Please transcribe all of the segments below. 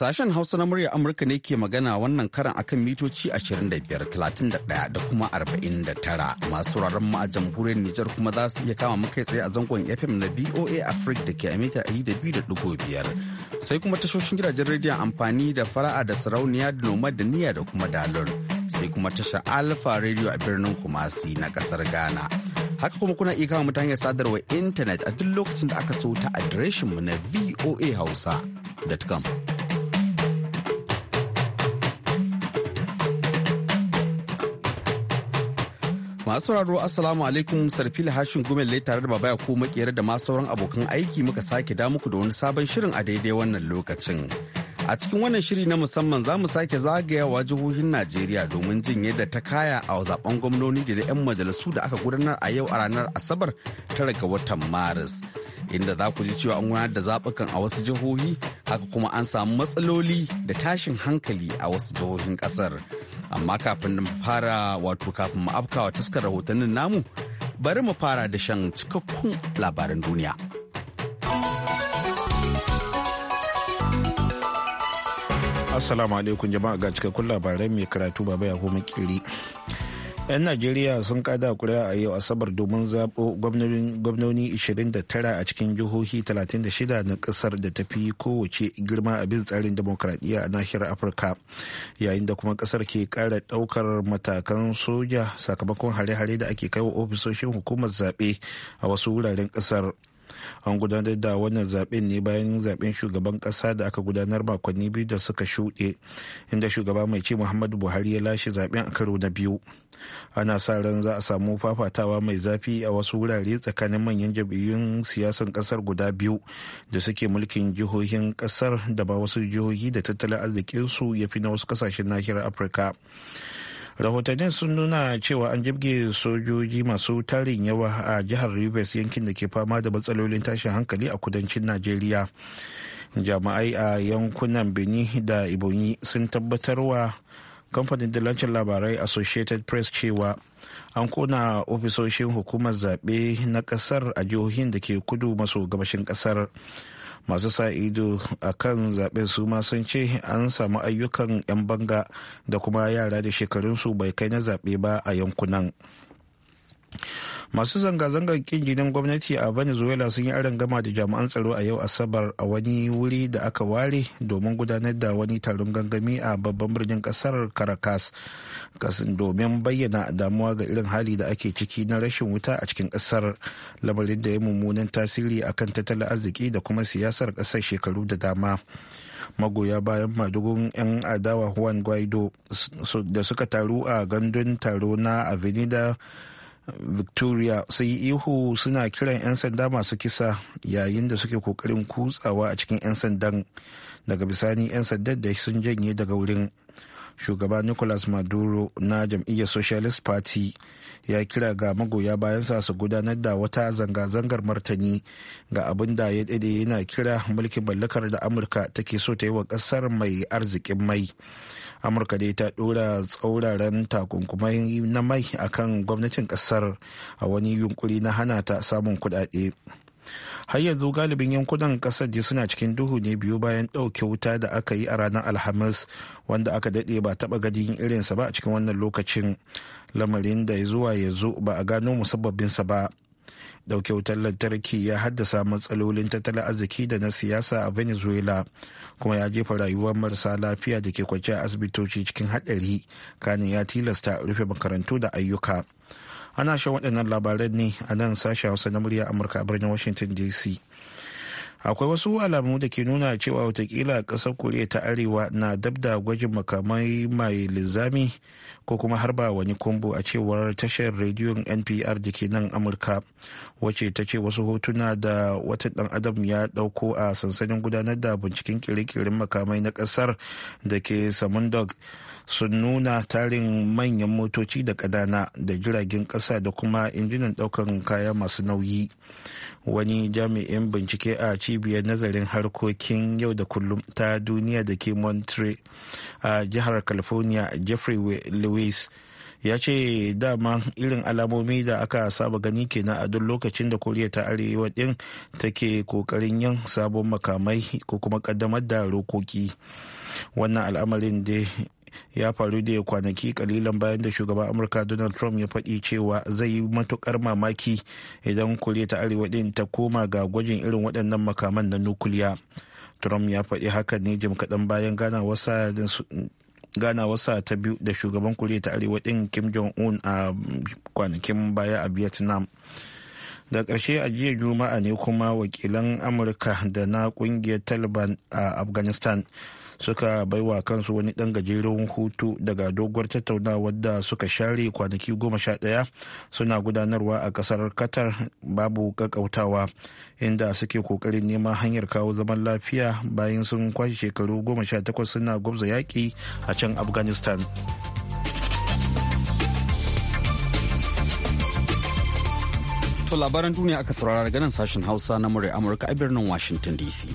Sashen Hausa na murya Amurka ne ke magana wannan karan akan mitoci 31 da kuma 49 masu sauraron mu a jamhuriyar Nijar kuma za su iya kama muka tsaye a zangon FM na BOA Africa da ke a mita 200.5 sai kuma tashoshin gidajen rediyon amfani da fara'a da sarauniya da noma da niyya da kuma dalil sai kuma tasha alfa rediyo a birnin Kumasi na kasar Ghana. Haka kuma kuna iya kama mutane sadarwa intanet a duk lokacin da aka so ta adireshinmu na voahausa.com. Masu sauraro Assalamu alaikum Sarfil Hashin Gumel lai tare da babaya ko makera da ma sauran abokan aiki muka sake da muku da wani sabon shirin a daidai wannan lokacin. A cikin wannan shiri na musamman za mu sake zagayawa jihohin Najeriya domin jin yadda ta kaya a zaben gwamnoni da 'yan majalisu da aka gudanar a yau a ranar Asabar tara ga watan Maris. Inda za ku ji cewa an gudanar da zaɓukan a wasu jihohi, haka kuma an samu matsaloli da tashin hankali a wasu jihohin ƙasar. amma kafin mu fara wato kafin mu afkawa taskar rahotannin namu bari mu fara da shan cikakkun labaran duniya. Assalamu alaikum jama'a ga cikakkun labarai mai karatu baba ya koma kiri. 'yan najeriya sun kada kuri'a a yau asabar domin zaɓo gwamnoni 29 a cikin jihohi 36 na ƙasar da ta fi kowace girma a bin tsarin demokradiyya a nahiyar afirka yayin da kuma ƙasar ke ƙara ɗaukar matakan soja sakamakon hare-hare da ake kai wa ofisoshin hukumar zaɓe a wasu wuraren ƙasar. an gudanar da wannan zaben ne bayan zaben shugaban kasa da aka gudanar makonni biyu da suka shuɗe inda shugaba mai ce muhammadu buhari ya lashe zaben a karo na biyu ana sa ran za a samu fafatawa mai zafi a wasu wurare tsakanin manyan jam'iyyun siyasan kasar guda biyu da suke mulkin jihohin kasar da ba wasu jihohi da tattalin arzikinsu ya fi na wasu kasashen nahiyar afirka rahotannin sun nuna cewa an jibge sojoji masu tarin yawa a jihar rivers yankin da ke fama da matsalolin tashin hankali a kudancin najeriya jama'ai a yankunan beni da ibonyi sun tabbatarwa kamfanin dalancin labarai associated press cewa an kona ofisoshin hukumar zaɓe na ƙasar a jihohin da ke kudu maso gabashin ƙasar masu sa ido a kan zaɓen su ma sun ce an samu ayyukan 'yan banga da kuma yara da shekarunsu bai kai na zaɓe ba a yankunan masu zanga-zangar kin jinin gwamnati a venezuela sun yi gama da jami'an tsaro a yau asabar a wani wuri da aka ware domin gudanar da wani taron gangami a babban birnin kasar caracas domin bayyana damuwa ga irin hali da ake ciki na rashin wuta a cikin kasar lamarin da ya mummunan tasiri akan tattalin arziki da kuma siyasar kasar shekaru da dama magoya bayan madugun 'yan adawa juan guaido da suka taru a gandun taro na avenida victoria sai ihu suna kiran 'yan sanda masu kisa yayin da suke kokarin kutsawa a cikin 'yan sandan daga bisani 'yan sandan da sun janye daga wurin shugaba nicolas maduro na jam'iyyar socialist party ya kira ga magoya bayansa su gudanar da wata zanga-zangar martani ga abin da ya dade yana kira mulkin mallakar da amurka take so ta yi wa kasar mai arzikin mai amurka dai ta ɗora tsauraran takunkumai na mai akan gwamnatin kasar a wani yunkuri na hana ta samun kudade. har yanzu galibin yankunan kasar je suna cikin duhu ne biyu bayan ɗauke wuta da aka yi a ranar alhamis wanda aka daɗe ba taɓa gadin irinsa ba a cikin wannan lokacin lamarin da ya zuwa yanzu ba a gano musabbabinsa ba ɗauke wutar lantarki ya haddasa matsalolin tattalin arziki da na siyasa a venezuela kuma ya jefa rayuwar marasa lafiya da ke kwanciya asibitoci cikin haɗari kanin ya tilasta rufe makarantu da ayyuka ana shan waɗannan labaran ne a nan sashen hausa na murya amurka a birnin washington dc akwai wasu alamu da ke nuna cewa watakila ƙasar koriya ta arewa na dab da gwajin makamai mai linzami ko kuma harba wani kumbu a cewar tashar rediyon npr da ke nan amurka wacce ta ce wasu hotuna da wata dan adam ya dauko a sansanin gudanar da binciken kirikirin makamai na ƙasar da ke samundog sun nuna tarin manyan motoci da ƙadana da jiragen ƙasa da kuma injinan ɗaukan kaya masu nauyi wani jami'in bincike a cibiyar nazarin harkokin yau da kullum ta duniya da ke montreal a jihar california jeffrey lewis ya ce dama irin alamomi da aka saba gani kenan a duk lokacin da koriya ta arewa din take kokarin yin sabon makamai ko kuma kaddamar da rokoki wannan al'amarin dai ya faru da kwanaki kalilan bayan da shugaban amurka donald trump ya faɗi cewa zai yi matukar mamaki idan kuliya ta arewa din ta koma ga gwajin irin waɗannan makaman na nukuliya trump ya faɗi haka ne jim kaɗan bayan gana wasa ta biyu da shugaban kuliya ta arewa din kim jong-un a kwanakin baya a vietnam da karshe a jiya juma'a ne kuma wakilan amurka da na ƙungiyar taliban a afghanistan suka baiwa kansu wani ɗan gajeren hutu daga doguwar tattaunawar da suka share kwanaki goma sha ɗaya suna gudanarwa a ƙasar qatar babu ƙaƙautawa inda suke ƙoƙarin neman hanyar kawo zaman lafiya bayan sun kwashe shekaru goma sha takwas suna gwamza yaƙi a can afghanistan To labaran duniya aka saurara daga nan sashen Hausa na murya Amurka a birnin Washington DC.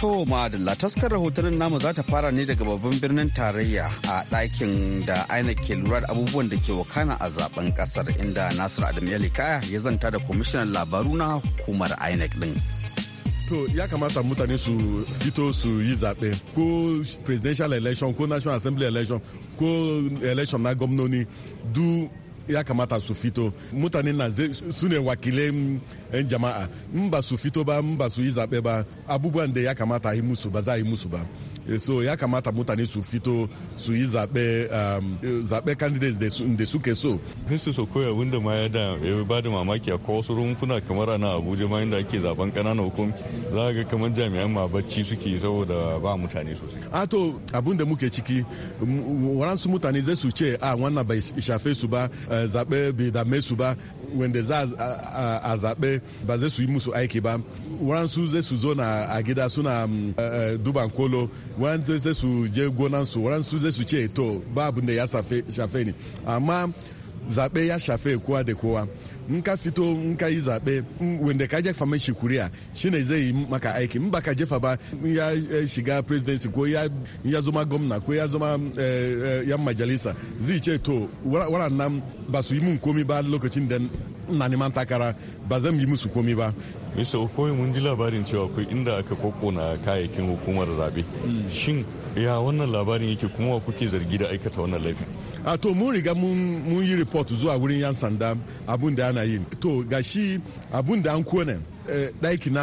To da taskar rahotannin namu za ta fara ne daga babban birnin tarayya a ɗakin da INEC ke lura da abubuwan da ke wakana a zaben ƙasar inda Nasiru Adam Yalikaya ya zanta da kwamishinan labaru na hukumar INEC din. to ya kamata mutane su fito su yi zaɓe ko presidential election ko national assembly election ko election na gwamnoni du ya kamata su fito mutanen na su ne wakilin 'yan jama'a mba su fito ba mba su yi zaɓe ba abubuwan da ya kamata yi musu ba za yi musu ba Eh, so ya kamata mutane su fito su yi zaɓe um, zaɓe candidates da suke so mr sokoya wanda ma ya da ya ba da mamaki a wasu rumfuna kamar na abuja ma inda ake zaben ƙananan hukumi za ga kamar jami'an ma bacci suke saboda ba mutane sosai a ah, to abun da muke ciki waransu mutane zai su ce a ah, wannan bai shafe su ba eh, zaɓe bai dame su ba wanda za a zaɓe ba zai su yi musu aiki ba waransu zai su zo na a gida suna mm, eh, eh, duban kolo waransu zai su je gonansu waransu zai su ce to ba abin da ya shafe ni amma zaɓe ya shafe kowa da kowa in ka fito in ka yi zaɓe wanda ka jefa mai shi kuriya shine zai yi maka aiki in baka jefa ba ya eh, shiga presidency ko ya zama gwamna ko ya zama eh, eh, yan majalisa zai ce to nan ba su yi mun komi ba lokacin da na neman takara ba zan yi musu komi ba. Mista Okoye mun ji labarin cewa akwai inda aka kokona kayayyakin hukumar zabe. Hmm. Shin ya wannan labarin yake kuma kuke zargi da aikata wannan laifin? a to mun riga mun yi report zuwa wurin yan sanda abun da ana yi to gashi abun da an kone daiki eh,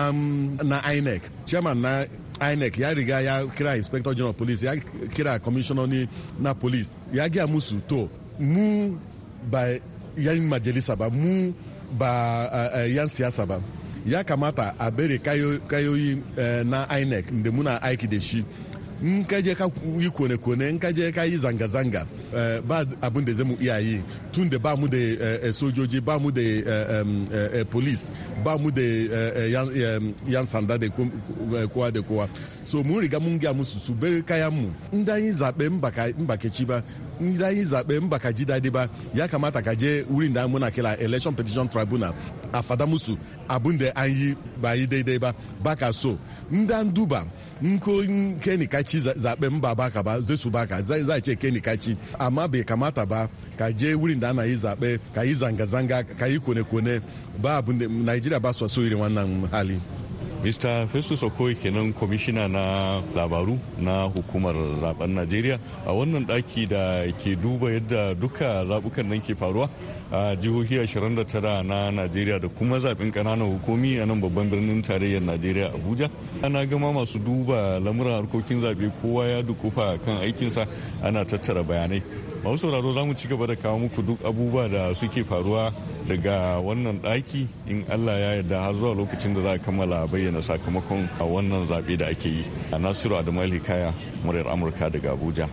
na inec chairman na inec ya riga ya kira inspector general police ya kira commissioner na police ya gaya musu to mu ba yan majalisa ba mu ba eh, eh, yan siyasa ba ya kamata a bere kayoyi na inec da muna aiki da shi in ka je ka yi kone-kone in ka je ka yi zanga-zanga eh, ba abin da zamu iya yi tun da ba mu da eh, eh, sojoji ba mu da police ba mu da yan sanda da kowa da kowa so mun riga mun gya musu su bar kayan mu in da yi zaɓe mbakeci ba in da yi zaɓe in baka ji daɗi ba ya kamata ka je wurin da muna kila election petition tribunal a fada musu abun da an yi ba yi daidai ba ba ka so in da duba in ko kai ni ka zaɓe in ba baka ba zai su baka zai ce kai ni ka amma bai kamata ba ka je wurin da ana yi zaɓe ka yi zanga-zanga ka yi kone-kone ba abun da Najeriya ba su so irin wannan hali. mr festus okoye kenan kwamishina na labaru na hukumar zaben najeriya a wannan daki da ke duba yadda duka zabukan nan ke faruwa a jihohi 29 na najeriya da kuma zaɓen ƙananan hukumi a nan babban birnin tarayyar najeriya abuja ana gama masu duba lamuran harkokin zaɓe kowa ya dukufa kan aikinsa ana tattara bayanai masu sauraro za mu ci gaba da kawo muku duk abubuwa da suke faruwa daga wannan ɗaki in allah ya yarda har zuwa lokacin da za a kammala bayyana sakamakon a wannan zaɓe da ake yi a nasiru adamu kaya muryar amurka daga abuja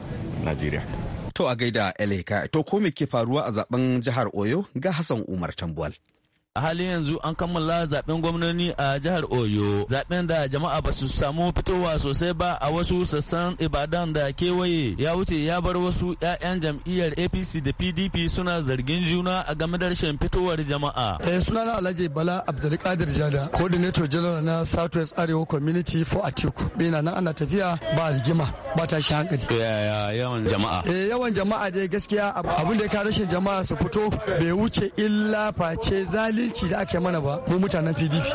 najeriya To a gaida LA to ko me ke faruwa a zaben jihar Oyo ga Hassan Umar Tambuwal. a halin yanzu an kammala zaben gwamnoni a jihar oyo zaben da jama'a ba su samu fitowa sosai ba a wasu sassan ibadan da kewaye ya wuce ya bar wasu 'ya'yan jam'iyyar apc da pdp suna zargin juna a game da rashin fitowar jama'a eh, suna na alhaji bala abdulkadir jada coordinator general na southwest arewa community for atiku bina nan ana tafiya ba rigima ba shi hankali yawan jama'a eh yawan jama'a dai gaskiya abin da ya ka rashin jama'a su fito bai wuce illa face zali zalunci da ake mana ba mu mutanen pdp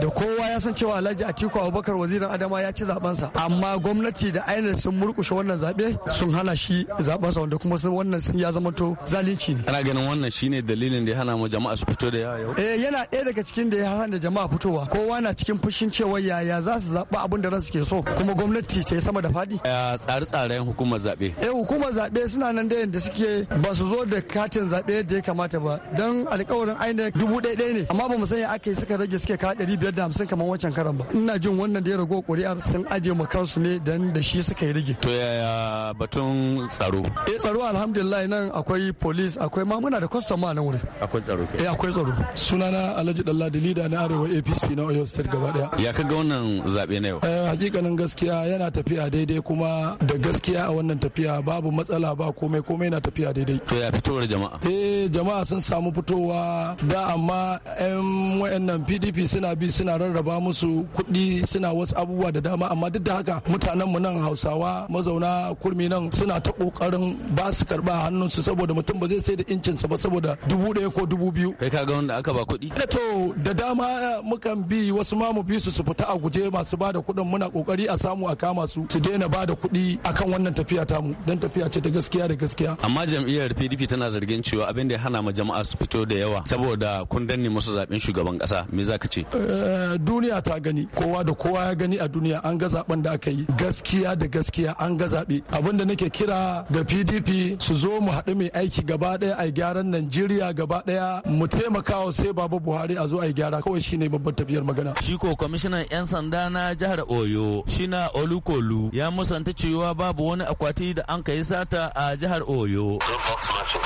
da kowa ya san cewa alhaji atiku abubakar wazirin adama ya ci zabensa amma gwamnati da ainihin sun murkushe wannan zabe sun hana shi zabensa wanda kuma sun wannan sun ya zamanto zalunci ne ana ganin wannan shine dalilin da ya hana mu jama'a su fito da yawa yau eh yana ɗaya daga cikin da ya hana jama'a fitowa kowa na cikin fushin cewa yaya za su zaba abin da ransu ke so kuma gwamnati ce sama da faɗi tsare-tsaren hukumar zaɓe eh hukumar zaɓe suna nan da yadda suke ba su zo da katin zaɓe da ya kamata ba don alƙawarin ainihin dubu ɗaya ɗaya ne amma ba mu sanya aka yi suka rage suke kawo ɗari biyar da hamsin kamar wancan karan ba ina jin wannan da ya rago ƙuri'ar sun aje ma kansu ne dan da shi suka yi rage. to yaya batun tsaro. eh tsaro alhamdulillah nan akwai police akwai ma muna da custom a nan wurin. akwai tsaro ke. eh akwai tsaro. sunana alhaji da leader na arewa apc na oyo state gaba daya. ya kaga wannan zaɓe na yau. eh hakikanin gaskiya yana tafiya daidai kuma da gaskiya a wannan tafiya babu matsala ba komai komai na tafiya daidai. to ya fitowar jama'a. eh jama'a sun samu fitowa da amma yan wayannan pdp suna bi suna rarraba musu kuɗi suna wasu abubuwa da dama amma duk da haka mutanen mu nan hausawa mazauna kurmi nan suna ta kokarin ba su karba su saboda mutum ba zai sai da incinsa ba saboda dubu ɗaya ko dubu biyu kai ka ga wanda aka ba kuɗi eh, to da dama mukan bi wasu ma mu bi su su fita a guje masu ba da kuɗin muna kokari a samu a kama su su daina ba da kuɗi akan wannan tafiya mu dan tafiya ce ta gaskiya da gaskiya amma jam'iyyar pdp tana zargin cewa abin da ya hana ma jama'a su fito da yawa saboda da kun danne musu zaben shugaban kasa me za ka ce eh, duniya ta gani kowa da kowa ya gani a duniya an ga zaben da aka yi gaskiya da gaskiya an ga zabe da nake kira ga PDP su zo mu haɗu mai aiki gaba ɗaya a gyaran Najeriya gaba ɗaya mu taimakawa sai Baba Buhari a zo a gyara kawai shine babban tafiyar magana shi ko kwamishinan yan sanda na jihar Oyo shina Olukolu ya musanta cewa babu wani akwati da an kai sata a jihar Oyo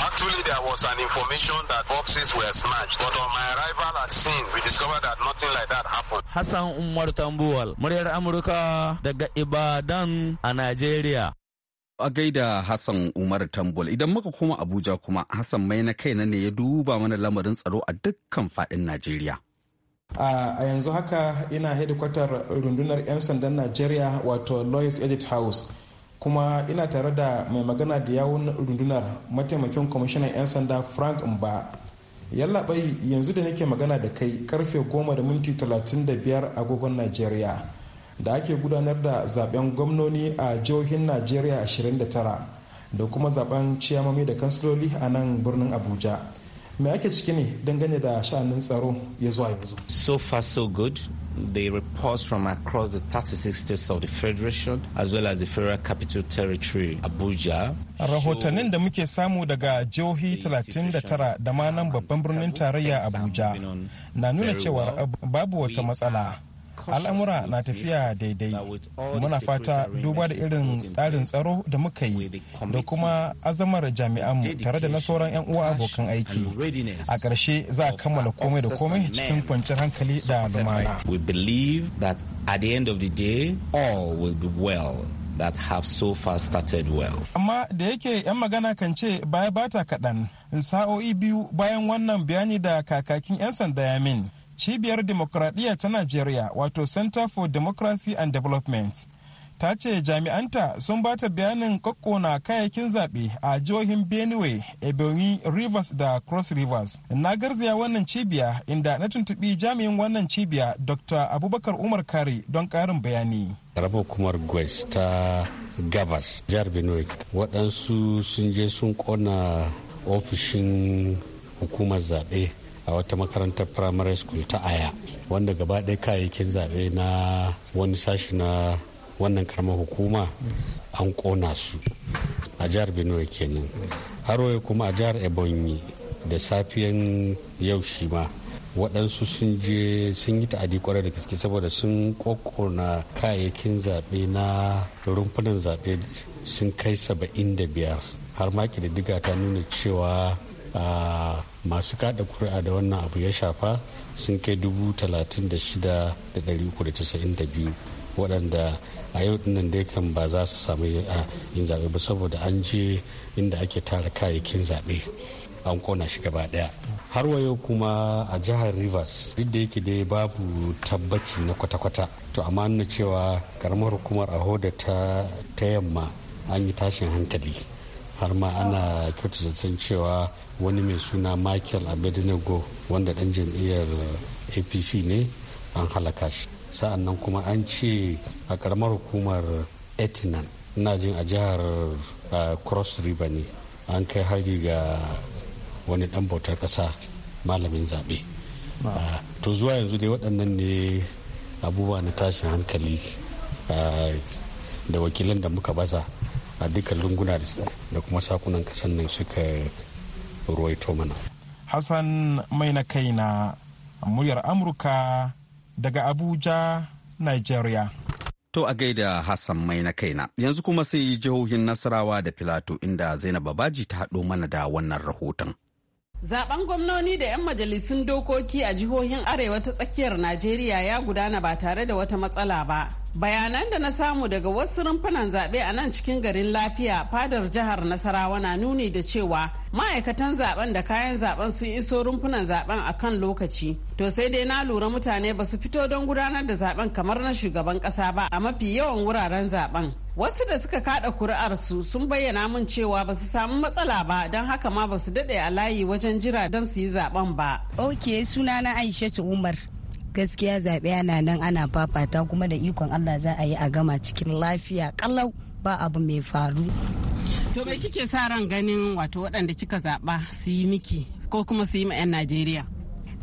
Actually, there was an information that boxes were snatched But on my arrival at scene, we discovered that nothing like that happened. Hassan Umar Tambuwal, muryar Amurka daga Ibadan a Najeriya. a gaida Hassan Umar Tambuwal, idan muka koma Abuja kuma Hassan mai na kaina ne ya duba mana lamarin tsaro a dukkan faɗin Najeriya. Uh, a yanzu haka ina hedikwatar rundunar 'yan sandan Najeriya wato Lois Edit House kuma ina tare da mai magana da yawun rundunar mataimakin kwamishinan 'yan sanda Frank Mba yallaɓai yanzu da nake magana da kai karfe goma da minti talatin da biyar agogon najeriya da ake gudanar da zaben gwamnoni a jihohin najeriya 29 da kuma zaben ciyamami da kansiloli a nan birnin abuja me ake ciki ne dangane da sha'anin tsaro ya zuwa yanzu so far so good the reports from across the 36 states of the federation as well as the federal capital territory abuja rahotannin da muke samu daga jihohi 39 da ma nan babban birnin tarayya abuja na nuna cewa babu wata matsala al'amura na tafiya daidai muna fata duba da irin tsarin tsaro da muka yi da kuma azamar jami'anmu tare da nasauran 'yan uwa abokan aiki a ƙarshe za a kammala komai da komai cikin kwanciyar hankali da lumana At the end of the day, all will be well. that have so far started well. Amma da yake 'yan magana kan ce baya bata kaɗan, sa'o'i biyu bayan wannan bayani da kakakin 'yan sanda ya min. cibiyar demokradiyya ta najeriya wato center for democracy and development ta ce jami'anta sun ba ta bayanin kokkona kayayyakin zaɓe a jihohin benue ebonyi rivers da cross rivers na garzaya wannan cibiya inda na tuntuɓi jami'in wannan cibiya dr abubakar umar kari don ƙarin bayani raba kumar gwes ta gabas jihar benue waɗansu sun je sun ƙona ofishin hukumar zaɓe a wata makarantar primary school ta aya wanda gaba ɗaya kayayyakin zaɓe na wani sashi na wannan karamar hukuma an ƙona su a jihar benue kenan haroye kuma a jihar ebonyi da safiyan yau shi ma waɗansu sun je sun yi ta'adi kwarai da gaske saboda sun ƙoƙona kayayyakin zaɓe na rumfunan zaɓe sun kai saba'in da biyar har ma diga ta nuna cewa a masu kada kuri'a da wannan abu ya shafa sun kai dubu talatin da shida da dari uku da casa'in da biyu waɗanda a yau dinnan da kan ba za su samu yin zaɓe ba saboda an je inda ake tara kayayyakin zaɓe an kona shi gaba ɗaya har wa kuma a jihar rivers duk da yake dai babu tabbaci na kwata-kwata to amma na cewa karamar hukumar a hoda ta yamma an yi tashin hankali har ma ana kyautu cewa wani mai suna michael abednego wanda dan jam'iyyar apc ne an halaka shi sa'an nan kuma an ce a karamar hukumar etinan ina jin a jihar cross river ne an kai hari ga wani dan bautar kasa malamin zaɓe to zuwa yanzu dai waɗannan ne abubuwa na tashin hankali da wakilan da muka baza a dukkan lunguna da kuma sakunan kasan nan suka ruwaito mana hassan mai na kaina muryar amurka daga abuja nigeria To a gaida Hassan mai na kaina yanzu kuma sai jihohin Nasarawa da Filato inda Zainab Babaji ta haɗo mana da wannan rahoton. Zaben gwamnoni da 'yan majalisun dokoki a jihohin Arewa ta tsakiyar Najeriya ya gudana ba tare da wata matsala ba. bayanan da na samu daga wasu rumfunan zaɓe a nan cikin garin lafiya fadar jihar nasarawa na nuni da cewa ma'aikatan zaben da kayan zaben sun iso rumfunan zaben a kan lokaci to sai dai na lura mutane ba su fito don gudanar da zaben kamar na shugaban ƙasa ba a mafi yawan wuraren zaben wasu da suka kada kuri'arsu sun bayyana min cewa ba su samu matsala ba don haka ma ba su daɗe a layi wajen jira don su yi zaben ba. ok sunana aisha umar gaskiya zaɓe ana nan ana fafata kuma da ikon allah za a yi a gama cikin lafiya kalau ba abu mai faru to bai kike sa ran ganin wato waɗanda kika zaɓa su yi miki ko kuma su yi ma 'yan najeriya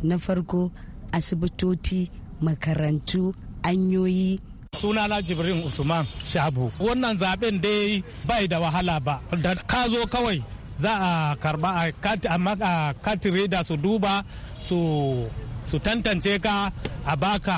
na farko asibitoci makarantu anyoyi sunana jibrin usman shabu wannan zaɓen dai bai da wahala ba da ka zo kawai za a karba a kati su duba su su tantance ka a baka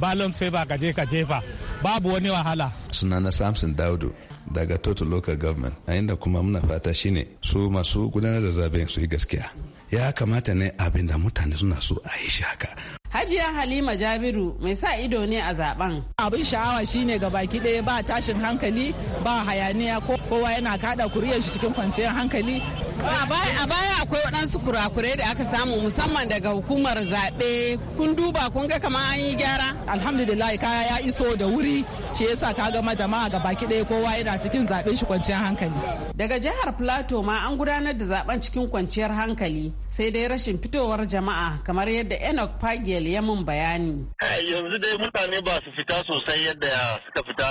balon favor ka je ka jefa babu wani wahala suna na samson daudu daga total local government a inda kuma muna fata shine su masu gudanar da zaben su yi gaskiya ya kamata ne abin da mutane suna so a yi shaka Hajiya Halima Jabiru mai sa ido ne a zaben. Abin sha'awa shine ga baki ɗaya ba tashin hankali ba hayaniya kowa yana kada kuriyar shi cikin kwanciyar hankali a baya akwai waɗansu kurakurai da aka samu musamman daga hukumar zaɓe kun duba kun ga kamar an yi gyara alhamdulillah kaya ya iso da wuri shi yasa ka gama jama'a ga baki ɗaya kowa yana cikin zaɓen shi kwanciyar hankali daga jihar plateau ma an gudanar da zaben cikin kwanciyar hankali sai dai rashin fitowar jama'a kamar yadda enoch pagel ya mun bayani yanzu dai mutane ba su fita sosai yadda suka fita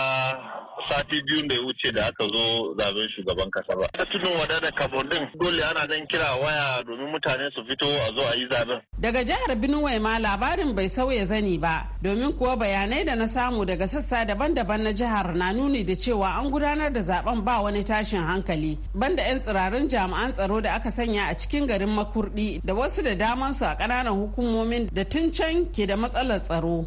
sati biyu da ya wuce da aka zo zaben shugaban kasa ba ta tunin wada da din dole ana nan kira waya domin mutane su fito a zo a yi zaben. Daga jihar Benue ma labarin bai sauya zani ba domin kuwa bayanai da na samu daga sassa daban-daban na jihar na nuni da cewa an gudanar da zaben ba wani tashin hankali banda 'yan tsirarin jami'an tsaro da aka sanya a cikin garin makurdi da wasu da daman su a ƙananan hukumomin da tun can ke da matsalar tsaro.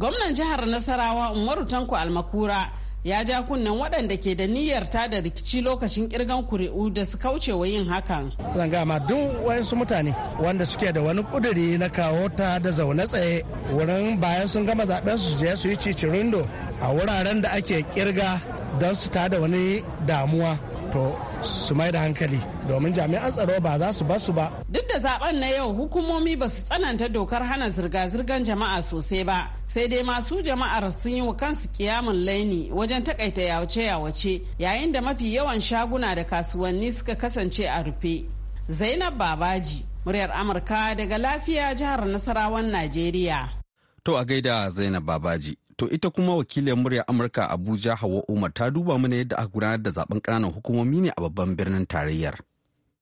Gwamnan jihar Nasarawa Umaru Tanko Almakura ya ja kunnen waɗanda ke da niyyar ta da rikici lokacin kirgan kuri'u da su kauce wa yin hakan. Zan ga ma duk wayansu mutane wanda suke da wani kuduri na kawo ta da zaune tsaye wurin bayan sun gama zaɓen su je su yi cicirindo a wuraren da ake kirga don su ta da wani damuwa to su mai da hankali domin jami'an tsaro ba za su basu ba. Duk da zaben na yau hukumomi ba su tsananta dokar hana zirga-zirgar jama'a sosai ba. Sai dai masu jama'ar sun yi wa kansu kiyamun laini wajen takaita yawace-yawace yayin da mafi yawan shaguna da kasuwanni suka kasance a rufe. Zainab Babaji, muryar Amurka daga lafiya jihar Nasarawan Najeriya. To a gaida Zainab Babaji. To ita kuma wakilin murya Amurka Abuja Hawa Umar ta duba mana yadda aka gudanar da zaben ƙananan hukumomi ne a babban birnin tarayyar.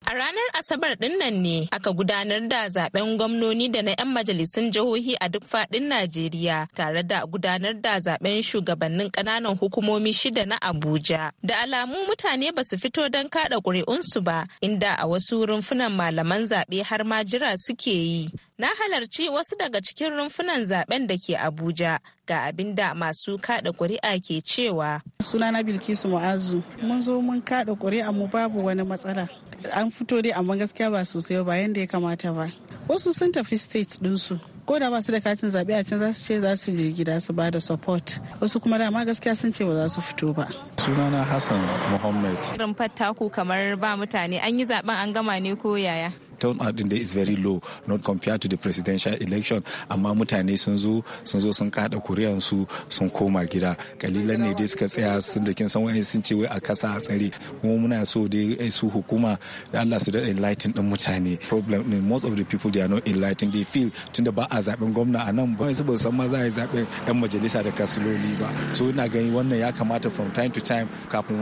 A ranar Asabar ɗinnan ne aka gudanar da zaben gwamnoni da na 'yan majalisun jihohi a duk faɗin Najeriya tare da gudanar da zaben shugabannin ƙananan hukumomi shida na Abuja. Da alamu mutane ba su fito don kaɗa ƙuri'unsu ba, inda a wasu rumfunan malaman zaɓe har ma jira suke yi. na halarci wasu daga cikin rumfunan zaben da ke abuja ga abin da masu kada kuri'a ke cewa sunana bilkisu mu'azu mun zo mun kada kuri'a mu babu wani matsala an fito dai amma gaskiya ba sosai ba yadda ya kamata ba wasu sun tafi state dinsu ko da ba su da katin zaɓe a can za su ce za su je gida su ba da support wasu kuma dama gaskiya sun ce ba za su fito ba sunana hassan muhammad irin fattaku kamar ba mutane an yi zaben an gama ne ko yaya turnout din dai is very low not compared to the presidential election amma mutane sun zo sun zo sun kada kuri'an su sun koma gida kalilan ne dai suka tsaya sun da kin san wani sun ce wai a kasa a tsare kuma muna so dai su hukuma da Allah su da enlighten din mutane problem ne most of the people they are not enlightened they feel tunda ba a zaben gwamna a nan ba su ba san ma za a yi zaben yan majalisa da kasuloli ba so ina gani wannan ya kamata from time to time kafin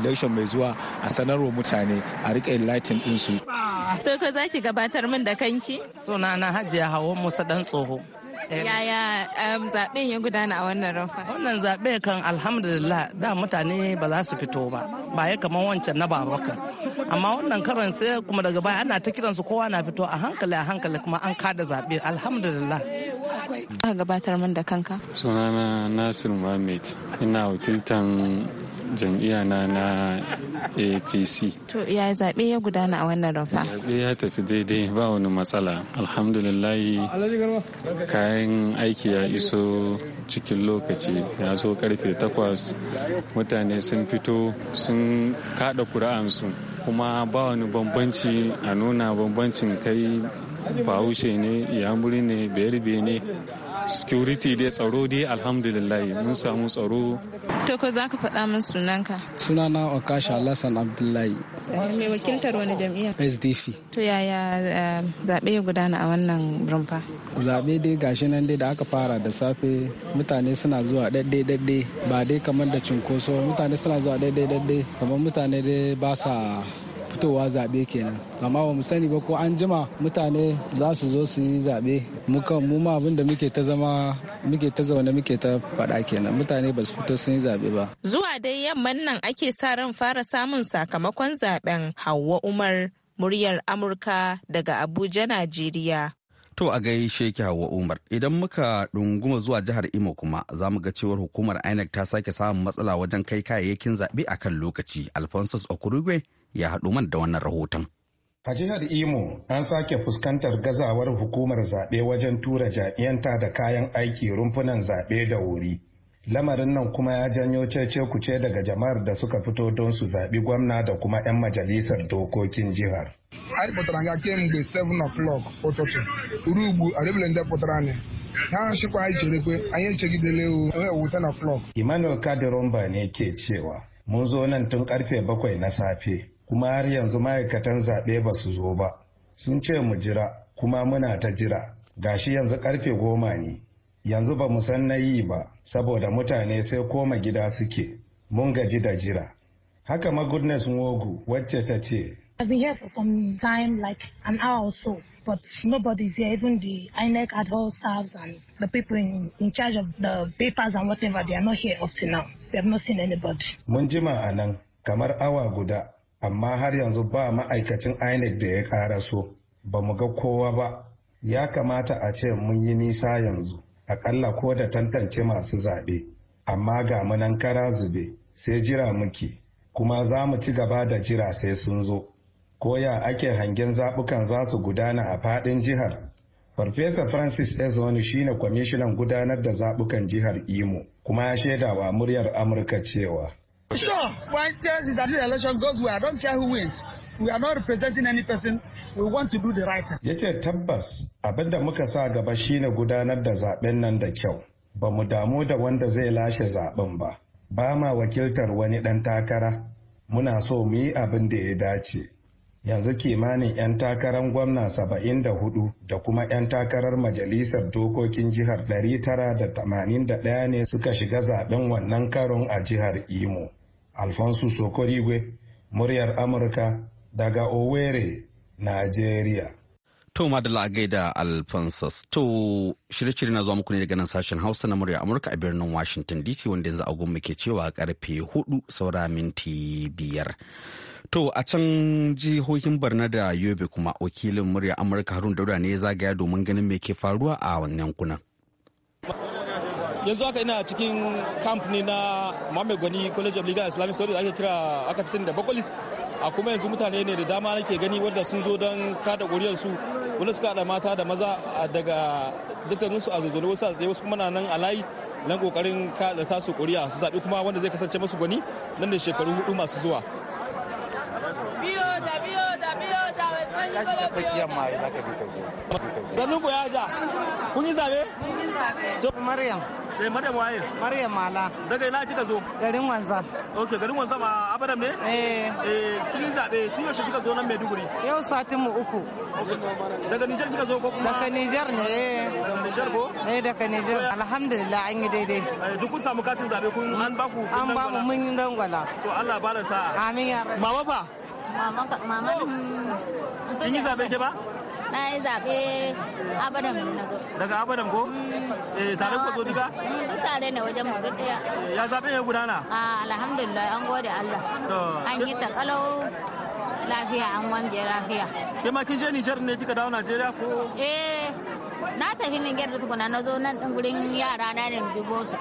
election mai zuwa a sanarwa mutane a rika enlighten din su za ki gabatar min da kanki? Sunana Hajiya Hawan Musa Dan Tsoho. Eh. Yaya um, zaben ya gudana a wannan rafa? Wannan zaɓe kan alhamdulillah da mutane ba za su fito ba, ba ya kamar wancan na babaka. Amma wannan karon sai kuma daga baya ana ta kiransu kowa na fito a hankali a hankali kuma an kada zaɓe alhamdulillah. Aka gabatar min da kanka? Sunana Nasir Mohammed, ina wakiltan jam'iyya na na apc to ya zaɓe ya gudana a wannan rafa zaɓe ya tafi daidai ba wani matsala alhamdulillah kayan aiki ya iso cikin lokaci ya zo karfe takwas mutane sun fito sun kaɗa ƙura'ansu kuma ba wani bambanci a nuna bambancin kai bahaushe ne yamuri ne bayar ne security dai tsaro dai alhamdulillah mun samu tsaro to ko za faɗa min sunanka sunana okasha alhassan abdullahi eh, mai wakiltar wani jam'iyya sdf to yaya eh, zaɓe ya gudana a wannan rumfa zaɓe dai gashi nan dai da aka fara da safe mutane suna zuwa daidai daidai ba dai kamar da cinkoso mutane suna zuwa daidai daidai kamar mutane dai ba sa fitowa zaɓe kenan amma ba mu sani ba ko an jima mutane za su zo su yi zaɓe mu kan mu ma abin da muke ta zama muke ta zaune muke ta faɗa kenan mutane ba su fito sun yi zaɓe ba. zuwa dai yamman nan ake sa ran fara samun sakamakon zaɓen hawa umar muryar amurka daga abuja najeriya. To a gaishe ki Hauwa Umar, idan muka ɗunguma zuwa jihar Imo kuma za mu ga cewar hukumar INEC ta sake samun matsala wajen kai kayayyakin zaɓe a kan lokaci. Alphonsus Okurugwe ya haɗu man da wannan rahoton. A jihar Imo an sake fuskantar gazawar hukumar zaɓe wajen tura jami'anta da kayan aiki rumfunan zaɓe da wuri. Lamarin nan kuma ya janyo cece kuce daga jama'ar da suka fito don su zaɓi gwamna da kuma 'yan majalisar dokokin jihar. anyị pụtara nga kemgbe 7 o'clock ụtụtụ ruo ugbu adịbele ndị pụtara anyị ta shikwa anyị chere kwe anyị echegidele onye wu 10 o'clock emmanuel kadiromba ne ke cewa mun zo nan tun karfe bakwai na safe kuma har yanzu ma'aikatan zaɓe ba su zo ba sun ce mu jira kuma muna ta jira gashi yanzu karfe goma ne yanzu ba mu san na yi ba saboda mutane sai koma gida suke mun gaji da jira haka ma goodness wogu wacce ta ce I've been here for some time, like an hour or so, but nobody's here, even the INEC at all staffs and the people in, in charge of the papers and whatever, they are not here up to now. We have not seen anybody. Mun jima a nan kamar awa guda, amma har yanzu ba ma'aikacin INEC da ya so, ba mu ga kowa ba. Ya kamata a ce mun yi nisa yanzu, akalla ko da tantance masu zaɓe, amma ga munan kara zube, sai jira muke, kuma za mu ci gaba da jira sai sun zo. koya ake hangen zaɓukan za su gudana a faɗin jihar farfesa francis ezoni shine kwamishinan gudanar da zaɓukan jihar imo kuma ya shaidawa muryar amurka cewa Ya ce tabbas abin da muka sa gaba shine gudanar da zaɓen nan da kyau ba mu damu da wanda zai lashe zaɓen ba ba ma wakiltar wani ɗan takara muna so mu yi abin da ya dace yanzu kimanin 'yan takarar gwamna 74 da kuma 'yan takarar majalisar dokokin jihar 981 ne suka shiga zaben wannan karon a jihar imo alfonso sokorigwe muryar amurka daga owerri nigeria to madalla a gaida alfonso to shirye-shirye na zuwa muku ne daga nan sashen hausa na muryar amurka a birnin washington dc wanda yanzu agon muke cewa karfe 4 saura minti biyar To a can jihohin Barna da Yobe kuma wakilin murya Amurka Harun Dauda ne ya zagaya domin ganin me ke faruwa a wannan yankunan. yanzu aka ina cikin camp ne na Mohammed Gwani College of Legal Islamic Studies ake kira aka fi sani da Bakolis a kuma yanzu mutane ne da dama nake gani wadda sun zo don kada ƙuriyar su wanda suka da mata da maza daga dukkaninsu a zozone wasu a wasu kuma na nan a layi nan ƙoƙarin kada tasu ƙuri'a su zaɓi kuma wanda zai kasance masu gwani nan da shekaru hudu masu zuwa. Ganin ku ya ja, kun yi zabe? Maryam. Eh Maryam waye? Maryam Mala. Daga ina kika zo? Garin Wanza. Okay, garin Wanza ma Abadam ne? Eh. Eh, kin zabe tun yaushe kika zo nan Maiduguri? Yau satin mu uku. Daga Niger kika zo ko kuma? Daga Niger ne. Daga Niger ko? Eh, daga Niger. Alhamdulillah an yi daidai. Eh, duk kun samu katin zabe kun an ba ku. An ba mu mun dangwala. To Allah ba da sa'a. Amin ya Mama fa? mama mama kin yi zabe ke ba na yi zaɓe abadan daga daga abadam ko eh tare ku zo duka duk tare ne wajen mu duk daya ya zaɓe ne gudana a alhamdulillah an gode Allah an yi ta kalau lafiya an wanje lafiya ke ma kin je Niger ne kika dawo Najeriya ko eh na tafi Niger da tukuna na zo nan din gurin yara na ne dubo su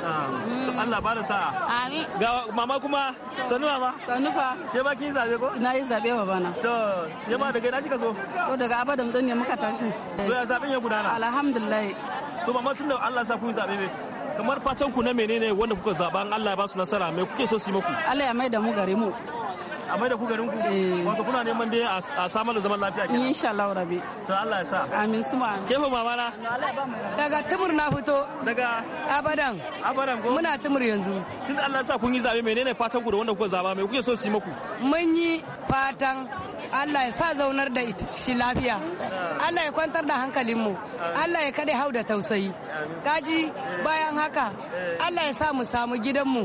Mm. Allah ba da sa'a. Amin. Ga mama kuma sanu mama. Sanu fa. Ke ba ki zabe ko? Na yi zabe wa bana. To, ya ba daga ina kika so? To daga abadan dan ne muka tashi. To ya zaben ya gudana. Alhamdulillah. To mama tunda Allah sa kun zabe ne. kamar fatan ku na menene wanda kuka zaban Allah ya ba su nasara me kuke so su yi muku Allah ya mai da mu gare mu a mai da ku garin ku eh. wato kuna neman dai a samar da zaman lafiya kenan insha Allah rabi to Allah ya sa amin suma ke fa mama na daga tumur na fito daga abadan abadan ko muna tumur yanzu tun Allah ya sa kun yi zabe menene fatan ku da wanda kuka zaba mai kuke so su yi muku mun yi fatan Allah ya sa zaunar da shi lafiya Allah ya kwantar da hankalinmu Allah ya kada hau da tausayi kaji bayan haka eh. Allah ya sa mu samu gidanmu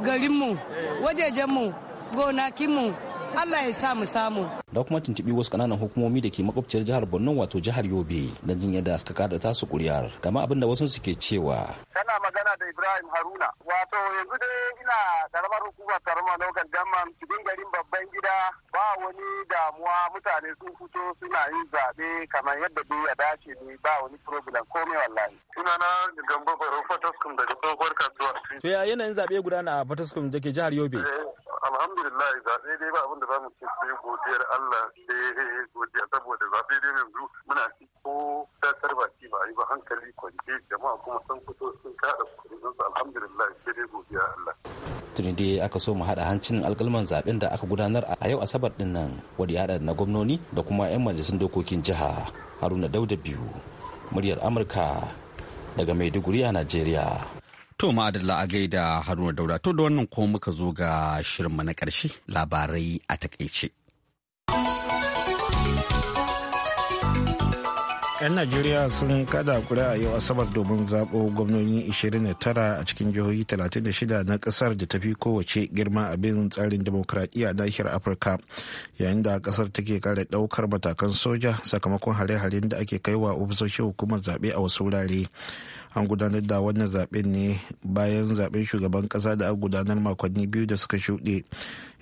garinmu eh. wajejenmu gonakinmu Allah ya sa mu samu. Da kuma tuntubi wasu kananan hukumomi da ke makwabciyar jihar Borno wato jihar Yobe don jin yadda suka kada tasu kuriyar kama abin da wasu suke cewa. Kana magana da Ibrahim Haruna wato yanzu dai ina karamar hukumar karama local government cikin garin babban gida ba wani damuwa mutane sun fito suna yin zaɓe kamar yadda dai ya dace ne ba wani problem komai wallahi. Sunana Gambo Baro Fatoskum daga tsohuwar kasuwa. To ya yanayin zaɓe gudana a Fatoskum da ke jihar Yobe? Eh, alhamdulillah zaɓe dai ba abin da za mu ce sai godiyar Allah sai godiya saboda zaɓe dai yanzu muna ci ko tatar baki ba yi ba hankali kwance jama'a kuma sun fito sun kada kuri'unsu alhamdulillah sai dai godiya Allah. tuni dai aka so mu haɗa hancin alkalman zaɓen da aka gudanar a yau asabar din nan wadda ya haɗa na gwamnoni da kuma 'yan majalisun dokokin jiha haruna dauda biyu muryar amurka daga maiduguri a najeriya To ma'adalla a gaida Haruna Daura to da wannan ko muka zo ga shirinmu na ƙarshe labarai a takaice. 'yan najeriya sun kada kuri'a yau asabar domin zaɓo gwamnoni 29 a cikin jihohi 36 na ƙasar da tafi kowace girma a bin tsarin a nahiyar afirka yayin da ƙasar take kare ɗaukar matakan soja sakamakon hare-haren da ake wa ofisoshin hukumar zaɓe a wasu wurare an gudanar da wannan zaɓen ne bayan zaɓen shugaban ƙasa da gudanar makonni biyu da suka shuɗe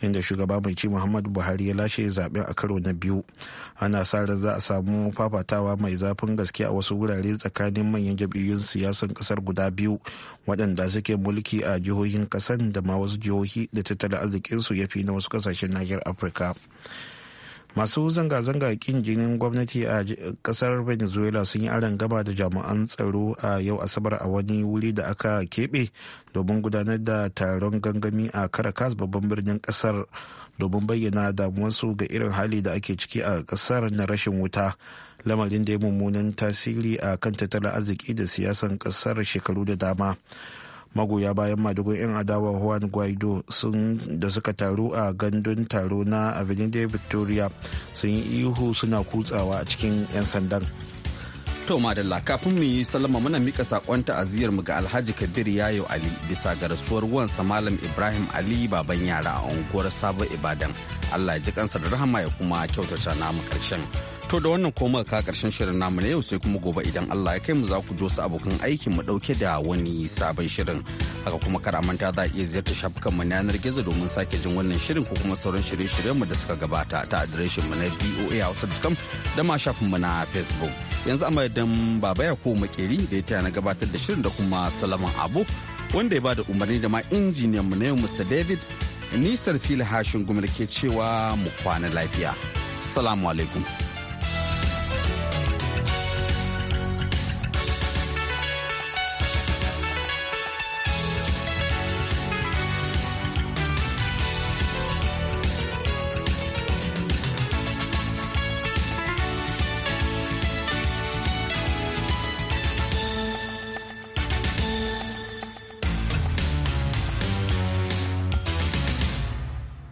inda shugaba mai ci muhammadu buhari ya lashe zaben a karo na biyu ana sa ran za a samu fafatawa mai zafin gaske a wasu wurare tsakanin manyan jam'iyyun siyasan kasar guda biyu waɗanda suke mulki a jihohin kasan da ma wasu jihohi da tattalin arzikinsu ya fi na wasu kasashen nahiyar afirka masu zanga-zanga kin jinin gwamnati a kasar venezuela sun yi aron gaba da jami'an tsaro a yau asabar a wani wuri da aka keɓe domin gudanar da taron gangami a caracas babban birnin kasar domin bayyana damuwarsu ga irin hali da ake ciki a kasar na rashin wuta lamarin da ya mummunan tasiri a kan tattalin arziki da siyasan kasar shekaru da dama magoya bayan madugun 'yan adawa juan guaido sun da suka taru a gandun taro na avenue de victoria sun yi ihu suna kutsawa a cikin 'yan sandan to madalla kafin mu yi salama muna mika sakon ta'aziyar mu ga alhaji kabir yayo ali bisa ga rasuwar wansa malam ibrahim ali baban yara a unguwar sabon ibadan allah ya ji kansa da rahama ya kuma kyautata namu karshen To da wannan koma ka karshen shirin namu ne yau sai kuma gobe idan Allah ya kai mu za ku jo su abokan aikin mu dauke da wani sabon shirin. Haka kuma kar manta za a iya ziyarta shafukan mu na yanar gizo domin sake jin wannan shirin ko kuma sauran shirye-shiryen mu da suka gabata ta adireshin mu na Hausa da ma shafin mu na Facebook. Yanzu a madadin Baba ko Makeri da ya taya na gabatar da shirin da kuma Salaman Abu wanda ya bada umarni da ma injiniyan mu na yau Mr. David nisar fili hashin gumar ke cewa mu kwana lafiya. Salamu alaikum.